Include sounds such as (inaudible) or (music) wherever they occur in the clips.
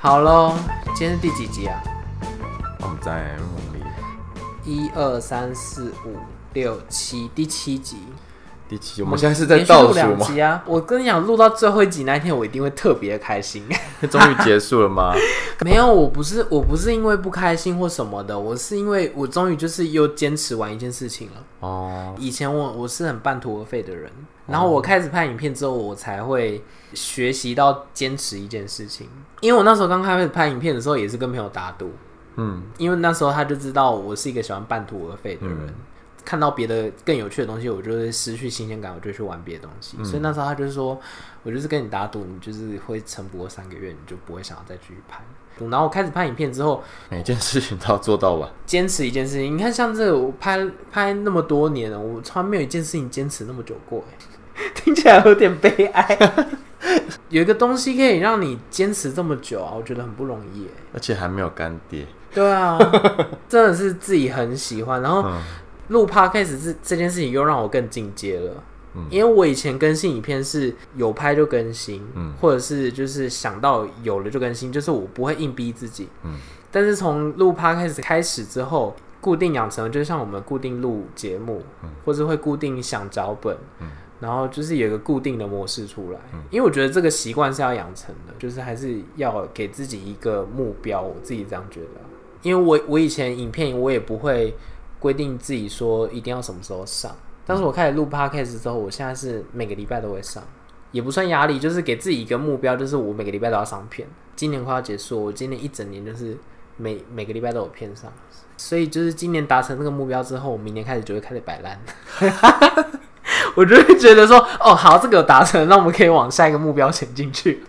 好嘍，今天是第幾集啊？我們在夢裡，一二三四五六七，第七集。第七集，我們現在是在倒數嗎？我們連續錄了兩集啊，我跟你講，錄到最後一集那一天，我一定會特別開心。那 (laughs) 終於結束了嗎？ (laughs) 沒有，我不是，我不是因為不開心或什麼的，我是因為我終於就是又堅持完一件事情了。哦，以前我我是很半途而廢的人，然後我開始拍影片之後，我才會學習到堅持一件事情。因為我那時候剛開始拍影片的時候，也是跟朋友打賭。嗯，因為那時候他就知道我是一個喜歡半途而廢的人，嗯、看到別的更有趣的東西，我就會失去新鮮感，我就去玩別的東西。嗯、所以那時候他就說，我就是跟你打賭，你就是會撐不過三個月，你就不會想要再繼續拍。然後我開始拍影片之後，每件事情都要做到吧？堅持一件事情，你看像這個、我拍拍那麼多年，我從來沒有一件事情堅持那麼久過，聽起來有點悲哀。 (laughs) (laughs) 有一個東西可以讓你堅持這麼久啊，我覺得很不容易。而且還沒有乾爹。對啊， (laughs) 真的是自己很喜歡。然後錄 Podcast 這件事情又讓我更進階了。嗯，因為我以前更新影片是有拍就更新，嗯，或者是就是想到有了就更新，就是我不會硬逼自己。嗯，但是從錄 Podcast 開始之後，固定養成，就像我們固定錄節目，嗯，或是會固定想腳本，嗯然後就是有一個固定的模式出來，因為我覺得這個習慣是要養成的，就是還是要給自己一個目標。我自己這樣覺得，因為我我以前影片我也不會規定自己說一定要什麼時候上，但是我開始錄 podcast 之後，我現在是每個禮拜都會上，也不算壓力，就是給自己一個目標，就是我每個禮拜都要上片。今年快要結束，我今年一整年就是每每個禮拜都有片上，所以就是今年達成這個目標之後，我明年開始就會開始擺爛。 (laughs) 我就會覺得說，哦，好，這個有達成，那我們可以往下一個目標前進去。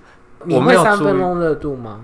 你會三分鐘熱度嗎？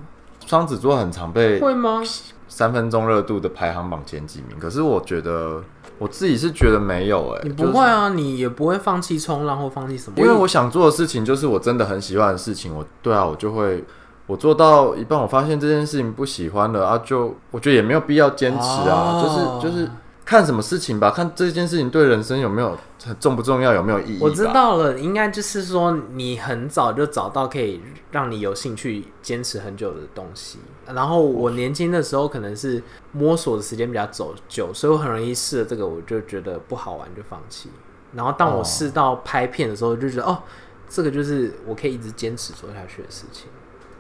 雙子座很常被會嗎？三分鐘熱度的排行榜前幾名。可是我覺得我自己是覺得沒有哎、欸，你不會啊，就是、你也不會放棄衝浪或放棄什麼。因為我想做的事情就是我真的很喜歡的事情。我對啊，我就會我做到一半，我發現這件事情不喜歡了啊，就，就我覺得也沒有必要堅持啊，就是、oh. 就是。就是看什麼事情吧，看這件事情對人生有沒有很重不重要，有沒有意義？我知道了，應該就是說你很早就找到可以讓你有興趣堅持很久的東西。然後我年輕的時候可能是摸索的時間比較久，所以我很容易試了這個，我就覺得不好玩就放棄。然後當我試到拍片的時候，就覺得哦，哦，這個就是我可以一直堅持做下去的事情。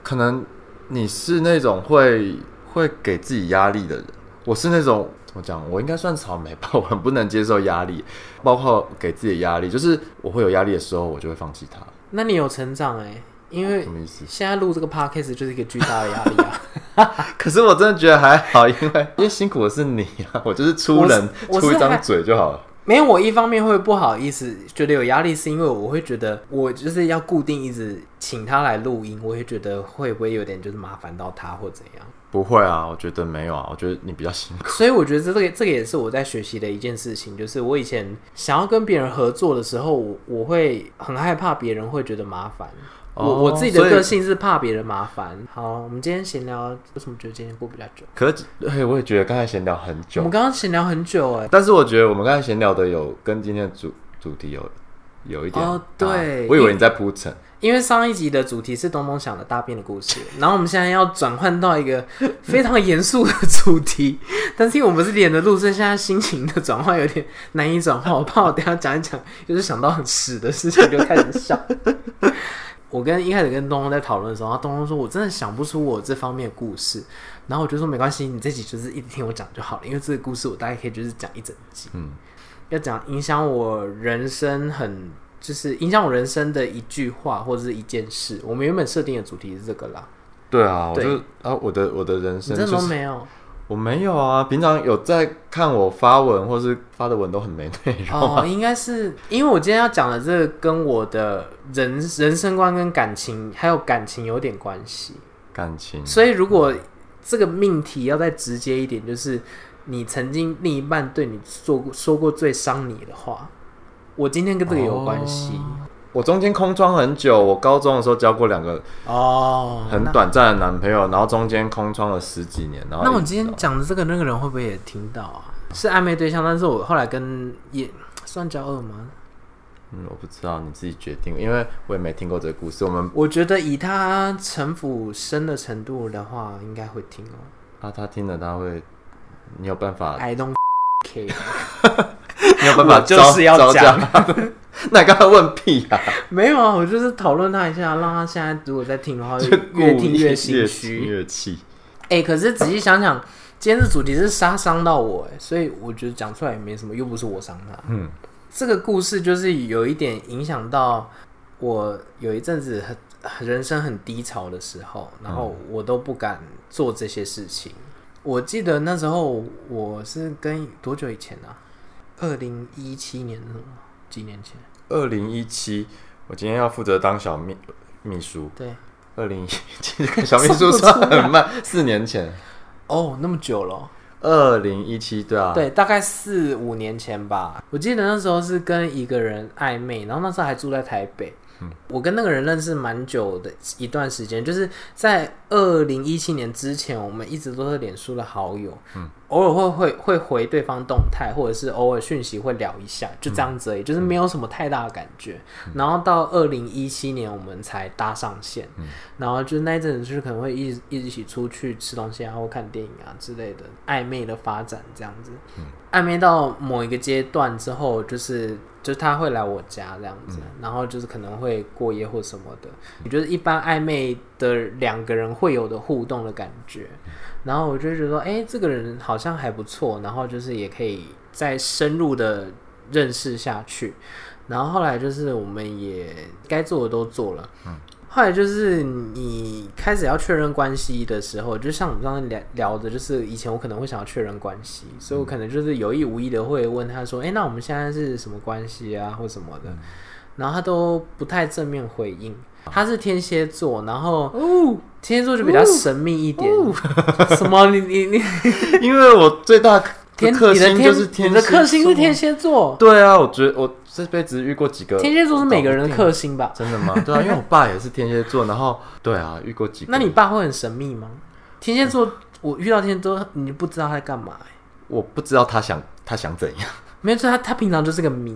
可能你是那種會會給自己壓力的人，我是那種。我講，我應該算草莓吧，我很不能接受壓力，包括給自己壓力，就是我會有壓力的時候，我就會放棄他。那你有成長哎、欸，因為什麼意思？現在錄這個 podcast 就是一個巨大的壓力啊。 (laughs) (laughs) 可是我真的覺得還好，因為因為辛苦的是你啊，我就是出人出一張嘴就好了。我是我是沒有，我一方面會不好意思，覺得有壓力，是因為我會覺得我就是要固定一直請他來錄音，我會覺得會不會有點就是麻煩到他或怎樣。不會啊，我覺得沒有啊，我覺得你比較辛苦。所以我覺得這這個這個也是我在學習的一件事情，就是我以前想要跟別人合作的時候，我，我會很害怕別人會覺得麻煩。哦、我我自己的個性以是怕別人麻煩。好，我們今天閒聊，為什麼覺得今天過比較久？可是，嘿，我也覺得剛才閒聊很久。我們剛剛閒聊很久哎、欸，但是我覺得我們剛才閒聊的有跟今天的主主題有有一點、哦、對、呃，我以為你在鋪陳。因為上一集的主題是東東想的大便的故事，然後我們現在要轉換到一個非常嚴肅的主題，但是因為我們是連着錄，所以現在心情的轉換有點難以轉換，我怕我等一下講一講就是想到屎的事情就開始笑。 (laughs) 我跟一開始跟東東在討論的時候，東東說，我真的想不出我這方面的故事，然後我就說沒關係，你這集就是一直聽我講就好了，因為這個故事我大概可以就是講一整集，嗯，要講影響我人生很。就是影響我人生的一句話或者是一件事。我們原本設定的主題是這個啦。對啊，對我就啊，我的我的人生，就是，你這都沒有，我沒有啊。平常有在看我發文，或者是發的文都很沒內容啊。哦，應該是因為我今天要講的這個跟我的人人生觀跟感情還有感情有點關係。感情。所以如果這個命題要再直接一點，嗯、就是你曾經另一半對你做過說過最傷你的話。我今天跟這個有關係。Oh, 我中間空窗很久。我高中的時候交過兩個哦，很短暫的男朋友，然後中間空窗了十幾年。然後那我今天講的這個那個人會不會也聽到啊？是曖昧對象，但是我後來跟也算交惡嗎？嗯，我不知道，你自己決定，因為我也沒聽過這個故事。我們我覺得以他城府深的程度的話，應該會聽哦、喔。啊，他聽了他會，你有辦法。I don't care。 (laughs) 沒有辦法，就是要講。 (laughs) (laughs) 那剛剛問屁啊？沒有啊，我就是討論他一下，讓他現在如果在聽的話，就越聽越心虛、越氣、欸，可是仔細想想，今天的主題是殺傷到我、欸，哎，所以我覺得講出來也沒什麼，又不是我傷他。嗯，這個故事就是有一點影響到我，有一陣子很很人生很低潮的時候，然後我都不敢做這些事情。嗯、我記得那時候我是跟多久以前呢？、啊？二零一七年，幾年前？二零一七，我今天要負責當小秘秘書。對，二零一七，小秘書算很慢，四年前。哦，oh, 那麼久了喔。二零一七，對啊，對，大概四五年前吧。我記得那時候是跟一個人曖昧，然後那時候還住在台北。嗯，我跟那個人認識蠻久的一段時間，就是在二零一七年之前，我們一直都是臉書的好友。嗯。偶爾會會會回對方動態，或者是偶爾訊息會聊一下，就這樣子，而已，嗯、就是沒有什麼太大的感覺。嗯、然後到二零一七年，我們才搭上線，嗯、然後就那陣子就是可能會一一起出去吃東西、啊，然後看電影啊之類的曖昧的發展，這樣子。曖、嗯、昧到某一個階段之後、就是，就是就是他會來我家這樣子，嗯、然後就是可能會過夜或什麼的，嗯、也就是一般曖昧的兩個人會有的互動的感覺。然後我就覺得說，欸，這個人好像還不錯，然後就是也可以再深入的認識下去。然後後來就是我們也該做的都做了。嗯、後來就是你開始要確認關係的時候，就像我們剛剛聊聊的，就是以前我可能會想要確認關係，嗯、所以我可能就是有意無意的會問他說，誒、欸，那我們現在是什麼關係啊，或什麼的。嗯然後他都不太正面回應，他是天蠍座，然後天蠍座就比較神秘一點。哦哦哦、什麼？你你你？因為我最大克星就是天蠍座天。你的克星是天蠍座？對啊，我覺得我這輩子遇過幾個天蠍座是每個人的克星吧？真的嗎？對啊，因為我爸也是天蠍座，然後對啊，遇過幾個？那你爸會很神秘嗎？天蠍座，我遇到天蠍座，你不知道他在幹嘛，欸？我不知道他想他想怎樣？沒錯，他他平常就是個謎。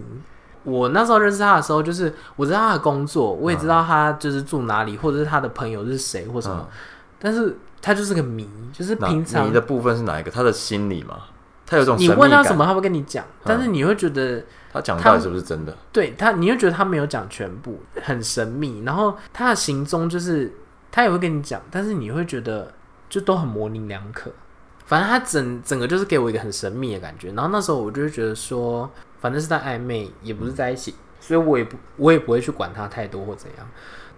我那時候認識他的時候，就是我知道他的工作，我也知道他就是住哪裡，嗯、或者是他的朋友是誰或什麼，嗯、但是他就是個謎，就是平常。謎的部分是哪一個？他的心理嘛？他有種你問他什麼，他會跟你講，但是你會覺得他講、嗯、到底是不是真的？對他，你會覺得他沒有講全部，很神秘。然後他的行蹤就是他也會跟你講，但是你會覺得就都很模棱兩可。反正他整整個就是給我一個很神秘的感覺。然後那時候我就會覺得說。反正是在曖昧，也不是在一起，嗯、所以我也不，我也不會去管他太多或怎樣。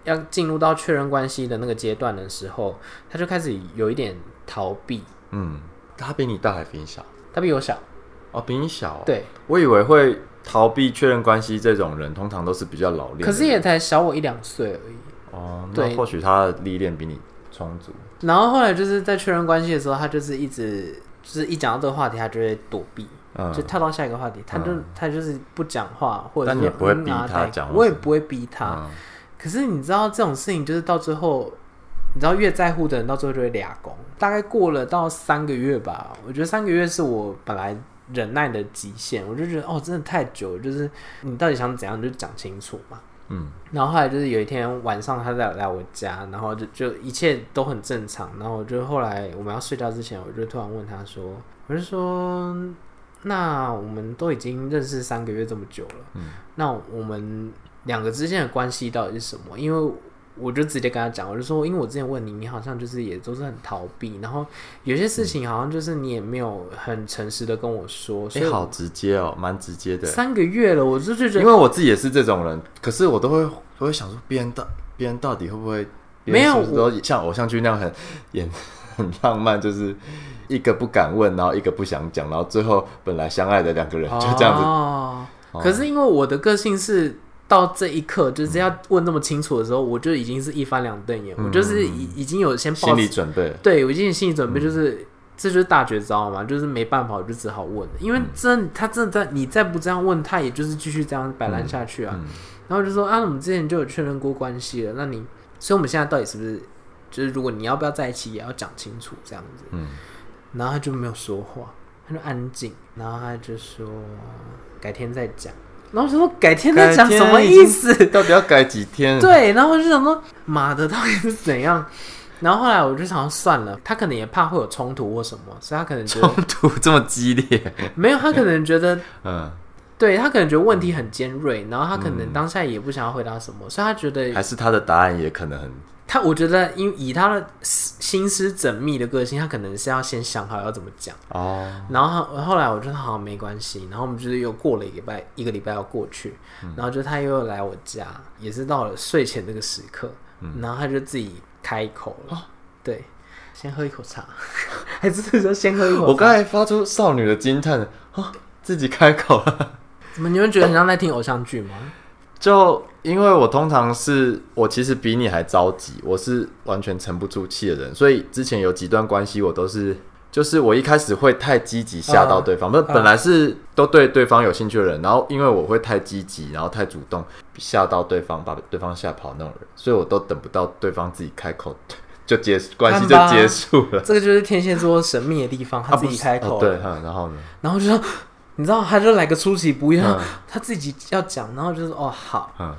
要進入到確認關係的那個階段的時候，他就開始有一點逃避。嗯，他比你大還是比你小？他比我小。哦，比你小，哦。對，我以為會逃避確認關係這種人，通常都是比較老練。可是也才小我一兩歲而已。哦，對，或許他的歷練比你充足。然後後來就是在確認關係的時候，他就是一直就是一講到這個話題，他就會躲避。就跳到下一個話題，嗯、他就、嗯、他就是不講話，或者說、嗯啊，不會逼他，我也不會逼他。嗯、可是你知道這種事情，就是到最後，你知道越在乎的人，到最後就會倆攻。大概過了到三個月吧，我覺得三個月是我本來忍耐的極限，我就覺得哦，真的太久，就是你到底想怎樣，你就講清楚嘛。嗯，然後後來就是有一天晚上，他在來我家，然後就就一切都很正常。然後我就後來我們要睡覺之前，我就突然問他說，我就說。那我們都已經認識三個月這麼久了，嗯，那我們兩個之間的關係到底是什麼？因為我就直接跟他講，我就說，因為我之前問你，你好像就是也都是很逃避，然後有些事情好像就是你也沒有很誠實的跟我說，嗯，所以，欸，好直接哦，喔，蠻直接的。三個月了，我就是覺得，因為我自己也是這種人，可是我都會，我會想說，別人到別人到底會不會沒有像偶像劇那樣很演。 (laughs) 很浪漫，就是一個不敢問，然後一個不想講，然後最後本來相愛的兩個人就這樣子。啊啊、可是因為我的個性是到這一刻、嗯、就是要問那麼清楚的時候，我就已經是一翻兩瞪眼，嗯、我就是已已經有先報心理準備了。對我已經有心理準備，就是、嗯、這就是大絕招嘛，就是沒辦法，我就只好問。因為真的、嗯、他真的在你再不這樣問他，也就是繼續這樣擺爛下去啊。嗯嗯、然後就說啊，我們之前就有確認過關係了，那你，所以我們現在到底是不是？就是如果你要不要在一起，也要講清楚這樣子。嗯，然後他就沒有說話，他就安靜，然後他就說改天再講。然後我說改天再講什麼意思？到底要改幾天？對，然後我就想說媽的，到底是怎樣？然後後來我就想算了，他可能也怕會有衝突或什麼，所以他可能衝突這麼激烈，沒有他可能覺得 (laughs) 嗯，對他可能覺得問題很尖銳，然後他可能當下也不想要回答什麼，嗯，所以他覺得還是他的答案也可能很。他我覺得，因以他的心思縝密的個性，他可能是要先想好要怎麼講哦。然後後來我覺得好像沒關係，然後我們就是又過了一個禮拜一個禮拜要過去，嗯、然後就他又來我家，也是到了睡前這個時刻，嗯、然後他就自己開口了。哦、對，先喝一口茶， (laughs) 還是說先喝一口？我剛才發出少女的驚嘆啊！哦、對自己開口了，怎麼？你們覺得很像在聽偶像劇嗎？就。因為我通常是我其實比你還着急，我是完全沉不住氣的人，所以之前有幾段關係我都是，就是我一開始會太積極嚇到對方，不是、嗯嗯、本來是都對對方有興趣的人，然後因為我會太積極，然後太主動嚇到對方，把對方嚇跑那種人，所以我都等不到對方自己開口就結關係就結束了。這個就是天蠍座神秘的地方，他自己開口、啊啊、對、嗯，然後呢？然後就說，你知道，他就來個出其不意，他自己要講，然後就是哦好，嗯。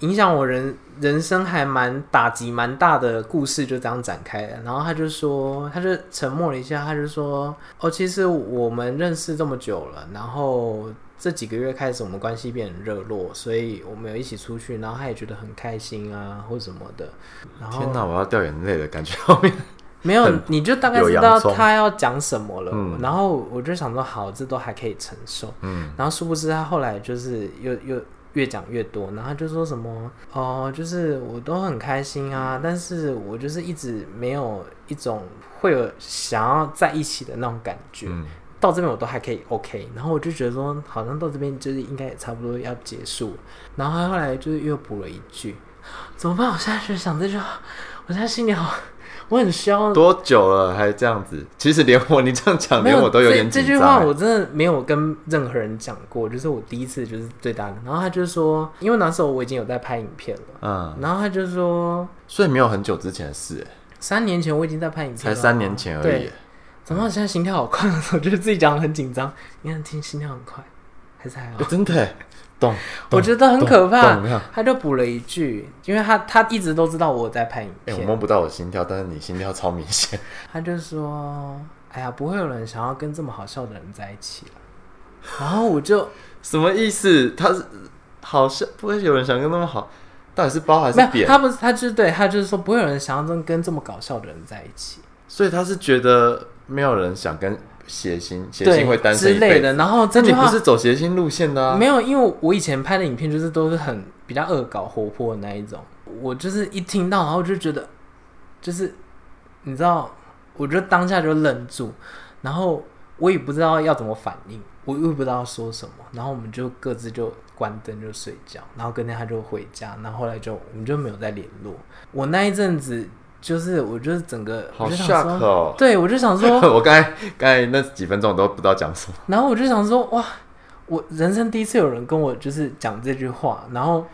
影響我人人生還蠻打擊蠻大的故事就這樣展開了。然後他就說，他就沉默了一下，他就說：“哦，其實我們認識這麼久了，然後這幾個月開始我們關係變得熱絡，所以我們有一起出去，然後他也覺得很開心啊，或什麼的。”然後天吶，我要掉眼淚的感覺。後面沒有，有你就大概知道他要講什麼了。嗯，然後我就想說，好，這都還可以承受。嗯，然後殊不知他後來就是又又。越講越多，然後就說什麼哦、呃，就是我都很開心啊，嗯、但是我就是一直沒有一種會有想要在一起的那種感覺。嗯、到這邊我都還可以 OK，然後我就覺得說好像到這邊就是應該也差不多要結束。然後後來就是又補了一句，怎麼辦？我現在就想這句話，我現在心裡好。我很囂。多久了還這樣子？其實連我，你這樣講，沒有，連我都有點緊張。這句話我真的沒有跟任何人講過，就是我第一次，就是最大的。然後他就說，因為那時候我已經有在拍影片了，嗯，然後他就說，所以沒有很久之前的事，三年前我已經在拍影片，才三年前而已。怎麼現在心跳好快？我覺得自己講得很緊張，你看，嗯、聽心跳很快，還是還好？欸、真的。我覺得很可怕。他就補了一句，因為他他一直都知道我在拍影片。欸、我摸不到我心跳，但是你心跳超明顯。 (laughs) 他就說：“哎呀，不會有人想要跟這麼好笑的人在一起。啊、然後我就什麼意思？他是好笑，不會有人想跟那麼好？到底是包還是扁？他不是，他就是對他就是說，不會有人想要跟跟這麼搞笑的人在一起。所以他是覺得沒有人想跟。嗯。諧星，諧星會單身一輩子之類的。然後真的，真你不是走諧星路線的，啊？沒有，因為我以前拍的影片就是都是很比較惡搞、活潑的那一種。我就是一聽到，然後就覺得，就是你知道，我就當下就愣住，然後我也不知道要怎麼反應，我又不知道說什麼，然後我們就各自就關燈就睡覺，然後隔天他就回家，然後後來就我們就沒有再聯絡。我那一陣子。就是，我就是整個，好對，我就想說，我剛才剛才那幾分鐘我都不知道講什麼。然後我就想說，哇，我人生第一次有人跟我就是講這句話。然後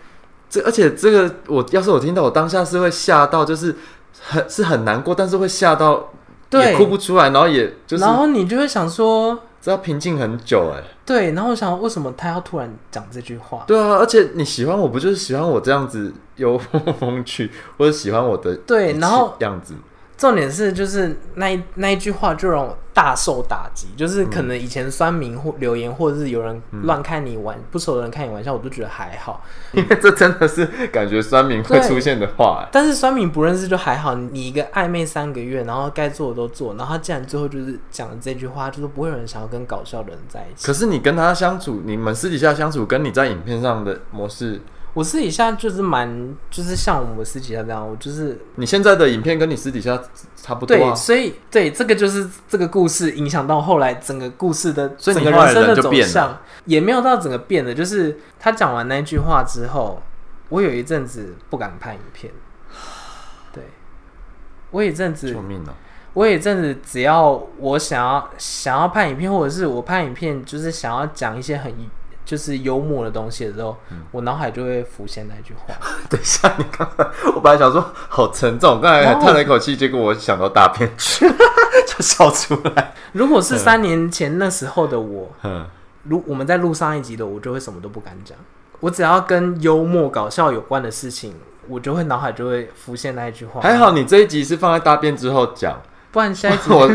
這而且這個，我要是我聽到，我當下是會嚇到，就是很，是很難過，但是會嚇到，對，哭不出來。然後也就是，然後你就會想說，這要平靜很久哎、欸。對，然後我想，為什麼他要突然講這句話？對啊，而且你喜歡我不就是喜歡我這樣子又風趣，或者喜歡我的對然後樣子。重點是，就是那一那一句話就讓我大受打擊。就是可能以前酸明、或留言，或者是有人亂看你玩、嗯、不熟的人看你玩笑，我都覺得還好，因為這真的是感覺酸明會出現的話、欸嗯。但是酸明不認識就還好，你一個曖昧三個月，然後該做的都做，然後他竟然最後就是講了這句話，就是不會有人想要跟搞笑的人在一起。可是你跟他相處，你們私底下相處，跟你在影片上的模式。我私底下就是蠻，就是像我們私底下這樣，我就是你現在的影片，跟你私底下差不多啊。對，所以對這個就是這個故事影響到後來整個故事的，整個人生的走向，也沒有到整個變的，就是他講完那句話之後，我有一陣子不敢拍影片。對，我一陣子，啊、我有一陣子只要我想要想要拍影片，或者是我拍影片就是想要講一些很。就是幽默的東西的時候，嗯、我腦海就會浮現那一句話。等一下，你剛才我本來想說好沉重，剛才嘆了一口氣，哦、結果我想到大便去 (laughs) 就笑出來。如果是三年前那時候的我，嗯、如我們在錄上一集的我，就會什麼都不敢講。我只要跟幽默搞笑有關的事情，嗯、我就會腦海就會浮現那一句話。還好你這一集是放在大便之後講。不然現在我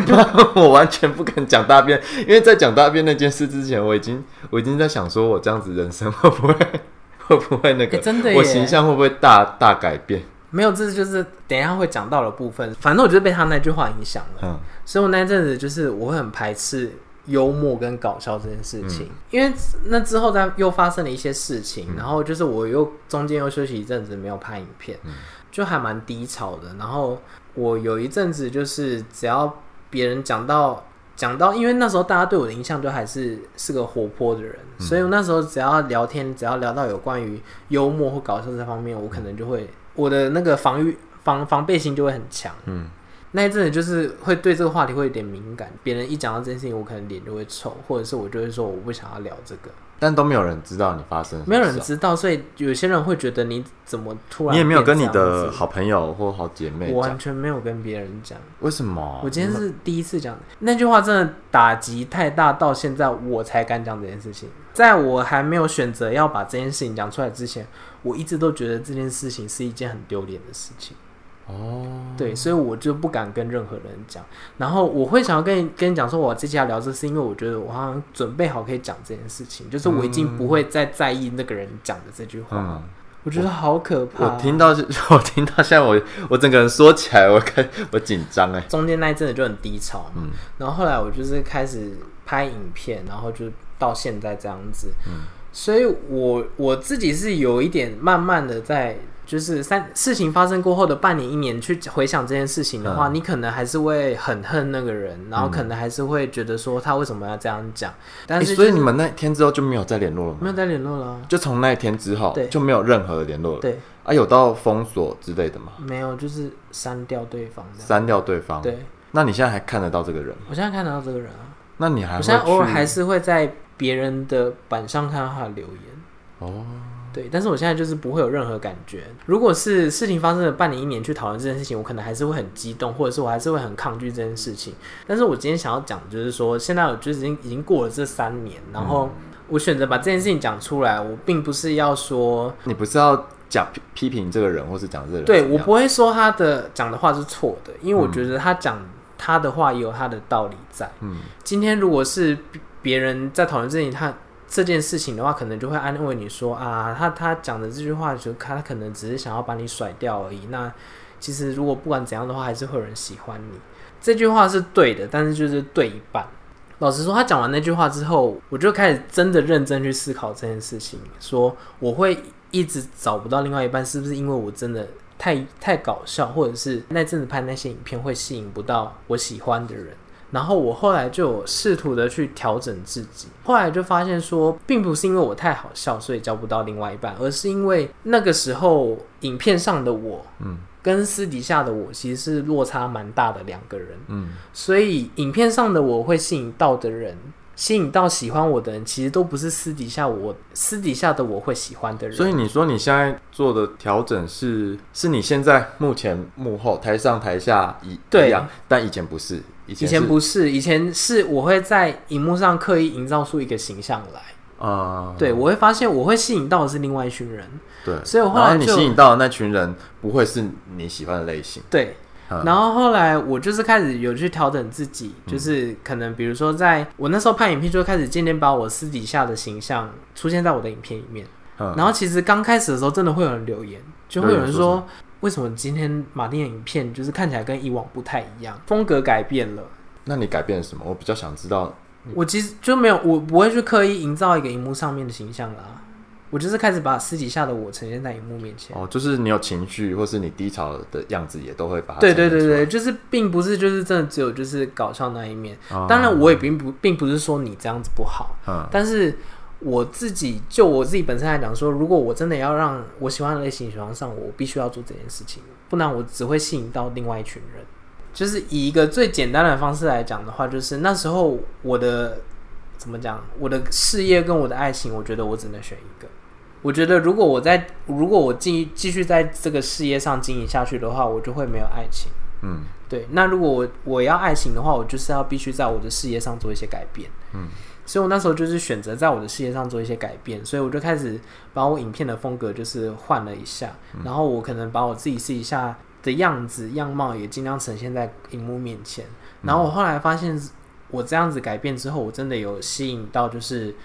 我完全不敢講大便， (laughs) 因為在講大便那件事之前，我已經我已經在想說，我這樣子人生會不會會不會那個，欸、真的，我形象會不會大大改變？沒有，這就是等一下會講到的部分。反正我就是被他那句話影響了，嗯、所以我那陣子就是我會很排斥幽默跟搞笑這件事情，嗯、因為那之後再又發生了一些事情，嗯、然後就是我又中間又休息一陣子，沒有拍影片，嗯、就還蠻低潮的，然後。我有一陣子就是，只要別人講到講到，因為那時候大家對我的印象都還是是個活潑的人，嗯、所以我那時候只要聊天，只要聊到有關於幽默或搞笑這方面，我可能就會、嗯、我的那個防禦防防備心就會很強。嗯。那一陣子就是會對這個話題會有點敏感，別人一講到這件事情，我可能臉就會臭，或者是我就會說我不想要聊這個。但都沒有人知道你發生什麼事啊，沒有人知道，所以有些人會覺得你怎麼突然？你也沒有跟你的好朋友或好姐妹講，我完全沒有跟別人講。為什麼？我今天是第一次講的，那，那句話真的打擊太大，到現在我才敢講這件事情。在我還沒有選擇要把這件事情講出來之前，我一直都覺得這件事情是一件很丟臉的事情。哦，oh, 對，所以我就不敢跟任何人講。然後我會想要跟你跟你講，說我接下來要聊，這是因為我覺得我好像準備好可以講這件事情，就是我已經不會再在意那個人講的這句話。嗯、我覺得好可怕我。我聽到，我聽到，現在我我整個人說起來，我感我緊張哎、欸。中間那一陣子就很低潮嘛。嗯、然後後來我就是開始拍影片，然後就到現在這樣子。嗯、所以我我自己是有一點慢慢的在。就是三事情發生過後的半年一年去回想這件事情的話，你可能還是會很恨那個人，然後可能還是會覺得說他為什麼要這樣講。但是所以你們那天之後就沒有再聯絡了嗎？沒有再聯絡了。就從那一天之後就沒有任何的聯絡了。對。啊，有到封鎖之類的嗎？沒有，就是刪掉對方。刪掉對方。對。那你現在還看得到這個人嗎？我現在看得到這個人啊。那你還？我現在偶爾還是會在別人的版上看到他的留言。哦。對，但是我現在就是不會有任何感覺。如果是事情發生了半年、一年去討論這件事情，我可能還是會很激動，或者是我還是會很抗拒這件事情。但是我今天想要講的，就是說現在我就是已經已經過了這三年，然後我選擇把這件事情講出來，我並不是要說你不是要講批評這個人，或是講這個人這，對我不會說他的講的話是錯的，因為我覺得他講他的話也有他的道理在。嗯，今天如果是別人在討論這件事情，他。這件事情的話，可能就會安慰你說啊，他他講的這句話就，就他可能只是想要把你甩掉而已。那其實如果不管怎樣的話，還是會有人喜歡你。這句話是對的，但是就是對一半。老實說，他講完那句話之後，我就開始真的認真去思考這件事情，說我會一直找不到另外一半，是不是因為我真的太太搞笑，或者是那陣子拍那些影片會吸引不到我喜歡的人？然後我後來就試圖的去調整自己，後來就發現說，並不是因為我太好笑，所以交不到另外一半，而是因為那個時候影片上的我，嗯，跟私底下的我其實是落差蠻大的兩個人，嗯，所以影片上的我會吸引到的人，吸引到喜歡我的人，其實都不是私底下我、私底下的我會喜歡的人。所以你說你現在做的調整是，是你現在目前幕後台上台下一樣呀，以對但以前不是。以前不是，以前是我會在熒幕上刻意營造出一個形象來啊，嗯、對，我會發現我會吸引到的是另外一群人，對，所以後來後你吸引到的那群人不會是你喜歡的類型，對，嗯、然後後來我就是開始有去調整自己，就是可能比如說在我那時候拍影片就會開始漸漸把我私底下的形象出現在我的影片裡面，嗯、然後其實剛開始的時候真的會有人留言，就會有人說。為什麼今天馬丁的影片，就是看起來跟以往不太一樣，風格改變了？那你改變什麼？我比較想知道。我其實就沒有，我不會去刻意營造一個熒幕上面的形象啦、啊。我就是開始把私底下的我呈現在熒幕面前。哦，就是你有情緒，或是你低潮的樣子也都會把。對對對對，就是並不是就是真的只有就是搞笑那一面。哦、當然，我也並不並不是說你這樣子不好，嗯、但是。我自己就我自己本身來講說，如果我真的要讓我喜歡的類型喜歡上我，我必須要做這件事情，不然我只會吸引到另外一群人。就是以一個最簡單的方式來講的話，就是那時候我的怎麼講，我的事業跟我的愛情，我覺得我只能選一個。我覺得如果我在，如果我繼繼續在這個事業上經營下去的話，我就會沒有愛情。嗯，對。那如果我我要愛情的話，我就是要必須在我的事業上做一些改變。嗯，所以我那時候就是選擇在我的事業上做一些改變，所以我就開始把我影片的風格就是換了一下，嗯、然後我可能把我自己私底下的樣子樣貌也儘量呈現在熒幕面前。嗯、然後我後來發現，我這樣子改變之後，我真的有吸引到就是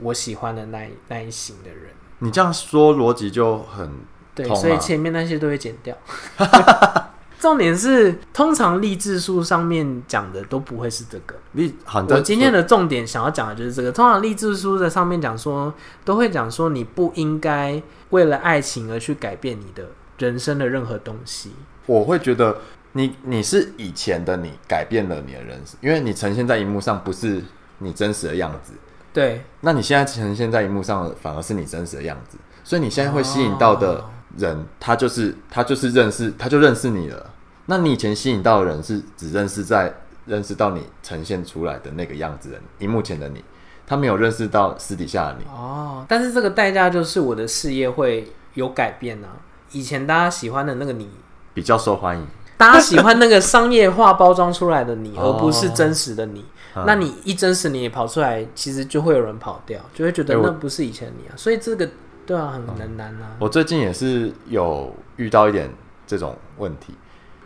我喜歡的那一那一型的人。你這樣說邏輯就很對，所以前面那些都會剪掉。 (laughs) (laughs) 重點是，通常勵志書上面講的都不會是這個。你好，我今天的重點想要講的就是這個。對通常勵志書的上面講說，都會講說你不應該為了愛情而去改變你的人生的任何東西。我會覺得你，你你是以前的你改變了你的人生，因為你呈現在熒幕上不是你真實的樣子。對，那你現在呈現在熒幕上反而是你真實的樣子，所以你現在會吸引到的、哦。人他就是他就是認識他就認識你了，那你以前吸引到的人是只認識在認識到你呈現出來的那個樣子人，熒幕前的你，他沒有認識到私底下的你。哦，但是這個代價就是我的事業會有改變呢、啊。以前大家喜歡的那個你比較受歡迎，大家喜歡那個商業化包裝出來的你， (laughs) 而不是真實的你。哦、那你一真實你也跑出來，其實就會有人跑掉，就會覺得那不是以前的你啊。所以這個。對啊，很難難啊、嗯！我最近也是有遇到一點這種問題，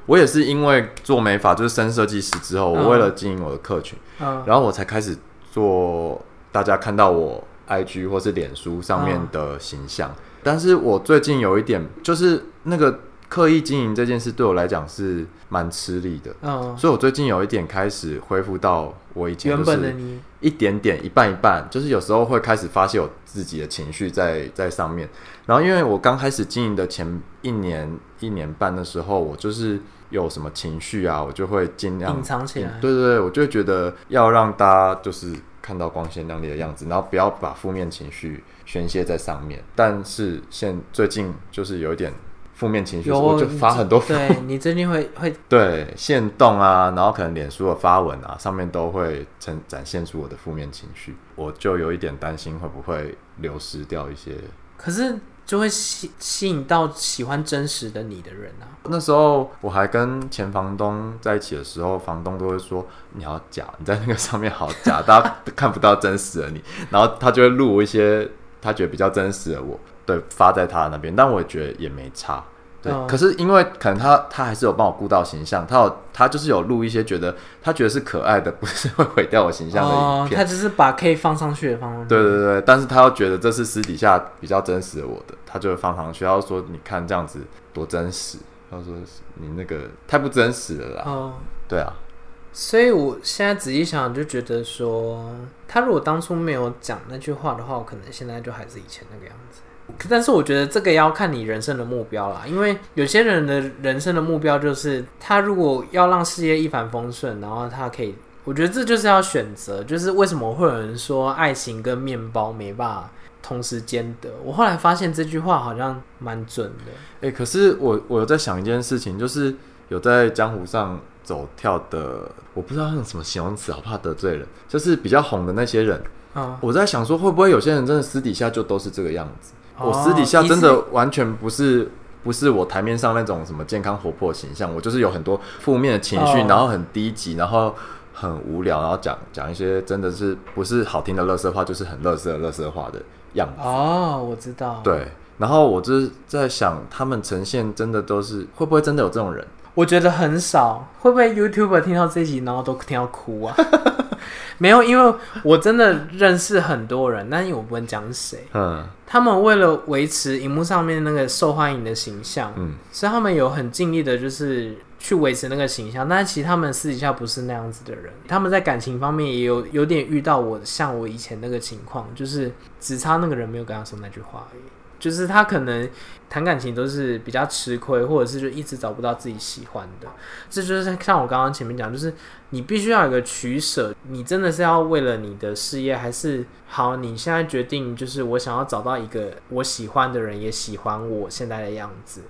我也是因為做美髮，就是升設計師之後，我為了經營我的客群，哦、然後我才開始做大家看到我 IG 或是臉書上面的形象。哦、但是我最近有一點，就是那個刻意經營這件事對我來講是蠻吃力的，哦、所以我最近有一點開始恢復到。我以前就是一點點一半一半，就是有時候會開始發洩我自己的情緒在在上面。然後因為我剛開始經營的前一年一年半的時候，我就是有什麼情緒啊，我就會盡量隱藏起來。對對對，我就會覺得要讓大家就是看到光鮮亮麗的樣子，然後不要把負面情緒宣洩在上面。但是現最近就是有一點。負面情緒有我就發很多負面，對 (laughs) 你最近會會對限動啊，然後可能臉書的發文啊，上面都會呈展現出我的負面情緒，我就有一點擔心會不會流失掉一些，可是就會吸吸引到喜歡真實的你的人啊。那時候我還跟前房東在一起的時候，房東都會說你好假，你在那個上面好假，大家都看不到真實的你。 (laughs) 然後他就會錄一些他覺得比較真實的我。對，發在他那邊，但我覺得也沒差。對，oh. 可是因為可能他他還是有幫我顧到的形象，他有他就是有錄一些覺得他覺得是可愛的，不是會毀掉我形象的影片。Oh, 他只是把可以放上去的放上去。對對對對，但是他又覺得這是私底下比較真實的我的，他就會放上去。他說你看這樣子多真實。他說你那個太不真實了啦。哦，oh. 對啊。所以我現在仔細想，就覺得說他如果當初沒有講那句話的話，我可能現在就還是以前那個樣子。但是我覺得這個要看你人生的目標啦，因為有些人的人生的目標就是他如果要讓事業一帆風順，然後他可以，我覺得這就是要選擇，就是為什麼會有人說愛情跟面包沒辦法同時兼得？我後來發現這句話好像蠻準的。哎、欸，可是我我有在想一件事情，就是有在江湖上走跳的，我不知道用什麼形容詞，好怕得罪人，就是比較紅的那些人啊，哦、我在想說會不會有些人真的私底下就都是這個樣子？Oh, 我私底下真的完全不是意思?不是我台面上那種什麼健康活潑的形象，我就是有很多負面的情緒，Oh. 然後很低級，然後很無聊，然後講講一些真的是不是好聽的樂色話，就是很樂色樂色話的樣子。哦，Oh, 我知道。對，然後我就是在想，他們呈現真的都是會不會真的有這種人？我覺得很少。會不會 YouTuber 聽到這集，然後都聽到哭啊？ (laughs) 沒有，因為我真的認識很多人，但是我不能講是誰。嗯，他們為了維持熒幕上面那個受歡迎的形象，嗯，所以他們有很盡力的，就是去維持那個形象。但是其實他們私底下不是那樣子的人，他們在感情方面也有有點遇到我，像我以前那個情況，就是只差那個人沒有跟他說那句話而已。就是他可能談感情都是比較吃虧，或者是就一直找不到自己喜歡的。這就是像我剛剛前面講，就是你必須要有個取捨，你真的是要為了你的事業，還是好？你現在決定就是我想要找到一個我喜歡的人，也喜歡我現在的樣子。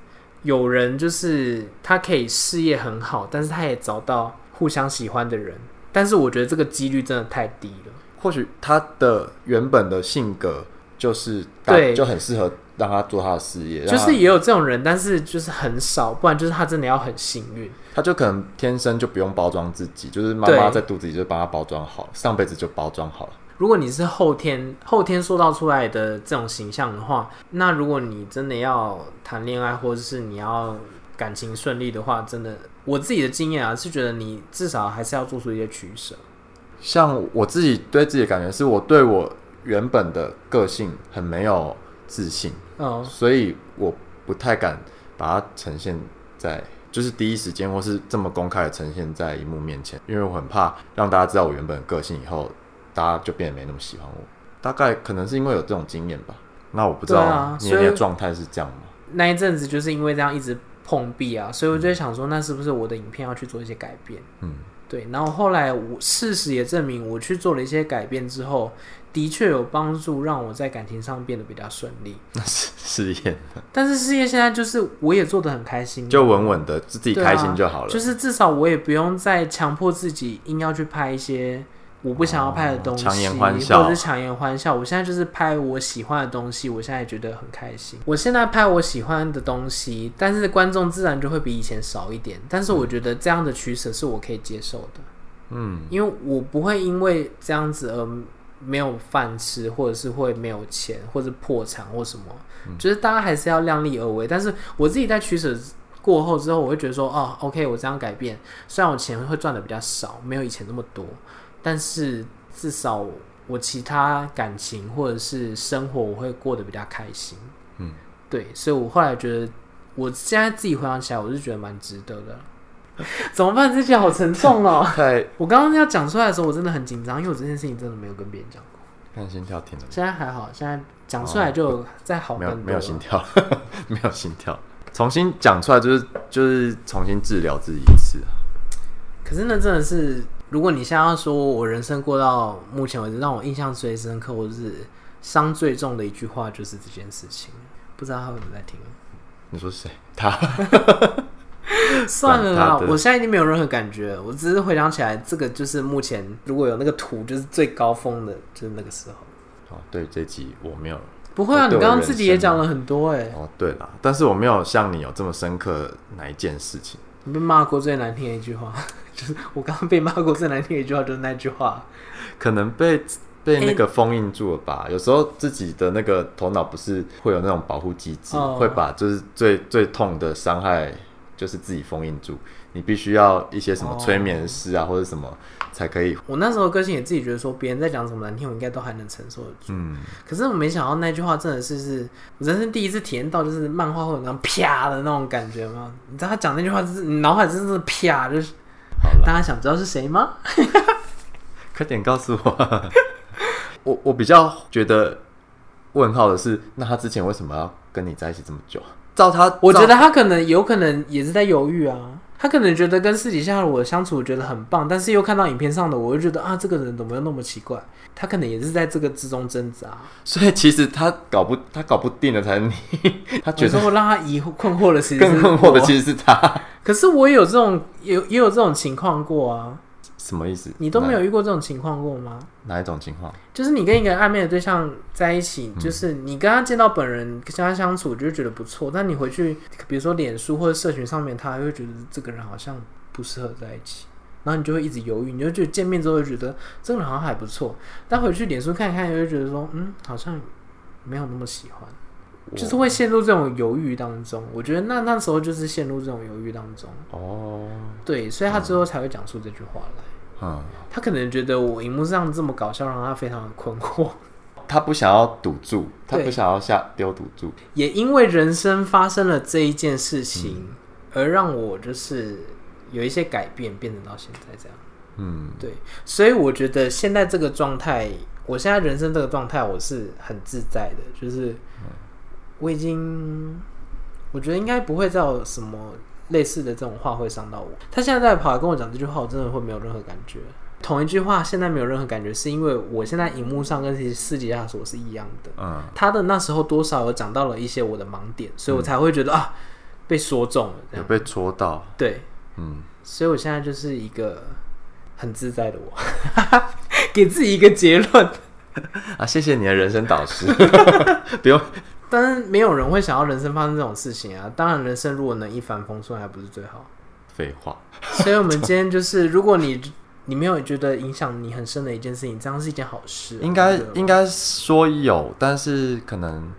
有人就是他可以事業很好，但是他也找到互相喜歡的人。但是我覺得這個幾率真的太低了。或許他的原本的性格就是對就很適合。讓他做他的事業，就是也有這種人，但是就是很少，不然就是他真的要很幸運。他就可能天生就不用包裝自己，就是媽媽在肚子裡就幫他包裝好，對上輩子就包裝好了。如果你是後天後天塑造出來的這種形象的話，那如果你真的要談戀愛或者是你要感情順利的話，真的我自己的經驗啊是覺得你至少還是要做出一些取舍。像我自己對自己的感覺是，我對我原本的個性很沒有自信，哦，oh. 所以我不太敢把它呈現在，就是第一時間或是這麼公開的呈現在熒幕面前，因為我很怕讓大家知道我原本的個性以後，大家就變得沒那麼喜歡我。大概可能是因為有這種經驗吧。那我不知道你的狀態是這樣嗎？啊，那一陣子就是因為這樣一直碰壁啊，所以我就想說，那是不是我的影片要去做一些改變？嗯，對。然後後來我事實也證明，我去做了一些改變之後。的確有幫助，讓我在感情上變得比較順利。那是事業，但是事業現在就是我也做得很開心，就穩穩的自己開心就好了，啊。就是至少我也不用再強迫自己硬要去拍一些我不想要拍的東西，強、哦、歡笑或者是強顏歡笑。我現在就是拍我喜歡的東西，我現在也覺得很開心。我現在拍我喜歡的東西，但是觀眾自然就會比以前少一點。但是我覺得這樣的取捨是我可以接受的。嗯，因為我不會因為這樣子而。沒有飯吃，或者是會沒有錢，或者是破產或什麼，就是大家還是要量力而為。嗯，但是我自己在取捨過後之後，我會覺得說，哦，OK，我這樣改變，雖然我錢會賺得比較少，沒有以前那麼多，但是至少我其他感情或者是生活我會過得比較開心。嗯，對，所以我後來覺得，我現在自己回想起來，我是覺得蠻值得的。怎麼辦？這些好沉重哦、喔！對，對，我剛剛要講出來的時候，我真的很緊張，因為我這件事情真的沒有跟別人講過。看心跳停了。現在還好，現在講出來就有再好很多、哦，沒有。沒有心跳呵呵，沒有心跳。重新講出來就是就是重新治療自己一次。可是那真的是，如果你現在要說我人生過到目前為止，讓我印象最深刻，或是傷最重的一句話，就是這件事情。不知道他有沒有在聽？你說誰？他。 (laughs) 算了啦，我現在已經沒有任何感覺，我只是回想起來，這個就是目前如果有那個圖，就是最高峰的，就是那個時候。哦，對，這集我沒有。不會啊，我我啊你剛剛自己也講了很多哎、欸。哦，對啦。但是我沒有像你有這麼深刻哪一件事情。你被罵過最難聽的一句話，就是我剛剛被罵過最難聽的一句話，就是那句話。可能被被那個封印住了吧？欸、有時候自己的那個頭腦不是會有那種保護機制，哦、會把就是最最痛的傷害。就是自己封印住，你必須要一些什麼催眠師啊，oh. 或者什麼才可以。我那時候個性也自己覺得說，別人在講什麼難聽，我應該都還能承受得住。嗯，可是我沒想到那句話真的是真的是人生第一次體驗到，就是漫畫會很像那種啪的那種感覺嗎？你知道他講那句話，就是你腦海真的是啪，就是。大家啦想知道是誰嗎？ (laughs) 快點告訴我。 (laughs) (laughs) 我我比較覺得問號的是，那他之前為什麼要跟你在一起這麼久？找他，我覺得他可能他有可能也是在猶豫啊，他可能覺得跟私底下的我相處，覺得很棒，但是又看到影片上的我，又覺得啊，這個人怎麼又那麼奇怪？他可能也是在這個之中掙扎。所以其實他搞不他搞不定了，才你 (laughs) 他覺得。我說讓他疑惑困惑的其實更困惑的其實是他。可是我也有這種有也，也有這種情況過啊。什麼意思？你都沒有遇過這種情況過嗎？哪一種情況？就是你跟一個曖昧的對象在一起，嗯、就是你跟他見到本人，跟他相處，就覺得不錯。嗯、但你回去，比如說臉書或者社群上面他，他還會覺得這個人好像不適合在一起。然後你就會一直猶豫，你就覺得見面之後就覺得這個人好像還不錯，但回去臉書看看，又覺得說，嗯，好像沒有那麼喜歡。就是會陷入這種猶豫當中，我覺得那那時候就是陷入這種猶豫當中。哦，對，所以他最後才會講出這句話來。嗯，嗯他可能覺得我熒幕上這麼搞笑，讓他非常的困惑。他不想要賭注，他不想要下丟賭注。對也因為人生發生了這一件事情，嗯、而讓我就是有一些改變，變成到現在這樣。嗯，對，所以我覺得現在這個狀態，我現在人生這個狀態，我是很自在的，就是。嗯我已經，我覺得應該不會再有什麼類似的這種話會傷到我。他現在在跑來跟我講這句話，我真的會沒有任何感覺。同一句話現在沒有任何感覺，是因為我現在熒幕上跟私底下的我是一樣的。嗯，他的那時候多少有講到了一些我的盲點，所以我才會覺得、嗯、啊，被說中了，被戳到。對，嗯，所以我現在就是一個很自在的我， (laughs) 給自己一個結論啊，謝謝你的人生導師， (laughs) (laughs) 不用。但是沒有人會想要人生發生這種事情啊！當然，人生如果能一帆風順，還不是最好。廢廢話。 (laughs) 所以，我們今天就是，如果你你沒有覺得影響你很深的一件事情，這樣是一件好事好不好？應該應該說有，但是可能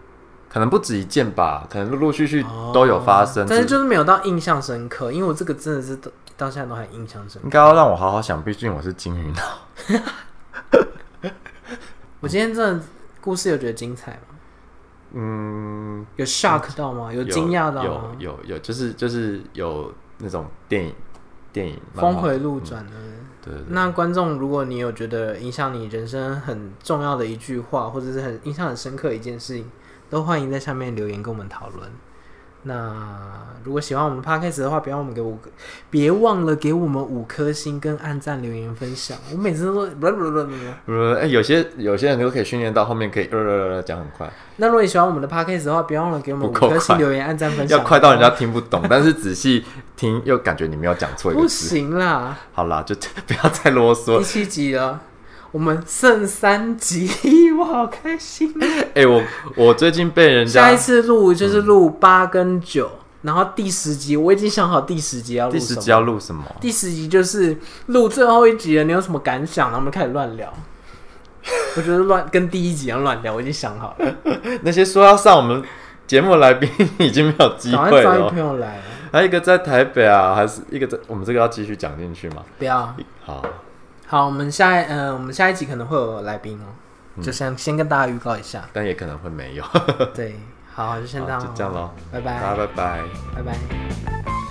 可能不止一件吧，可能陸陸續續都有發生，哦、就但是就是沒有到印象深刻。因為我這個真的是到現在都還印象深刻。應該要讓我好好想，畢竟我是金魚腦。 (laughs) (laughs) (laughs) 我今天真的故事有覺得精彩嗎？嗯，有 shock、嗯、到嗎？有驚訝到嗎？有有有，有，就是就是有那種電影電影峰回路轉的、欸嗯。對，對,對，那觀眾，如果你有覺得影響你人生很重要的一句話，或者是，是很印象很深刻的一件事情，都歡迎在下面留言跟我們討論。那如果喜歡我們 podcast 的話，別忘了給五，別忘了給我們五顆星、跟按讚、留言、分享。我每次都說，哎、欸，有些有些人都可以訓練到後面可以，講很快。那如果你喜歡我們的 podcast 的話，別忘了給我們五顆星、留言、按讚、分享。要快到人家聽不懂， (laughs) 但是仔細聽又感覺你沒有講錯一個字，不行啦。好啦，就 (laughs) 不要再囉嗦。第七集了。我們剩三集，我好開心！哎、欸，我我最近被人家下一次錄就是錄八跟九、嗯，然後第十集我已經想好，第十集要錄什麼？第十集要錄什麼？第十集就是錄最後一集了，你有什麼感想？然後我們開始亂聊。 (laughs) 我覺得亂跟第一集一樣亂聊，我已經想好了。 (laughs) 那些說要上我們節目來賓已經沒有機會了。了還有一個在台北啊，還是一個在我們這個，要繼續講進去嗎？不要。好。好，我們下一、呃，我們下一集可能會有來賓哦、喔，嗯、就先先跟大家預告一下，但也可能會沒有。 (laughs) 對，好，就先這樣了，就這樣囉拜、啊，拜拜，拜拜，拜拜。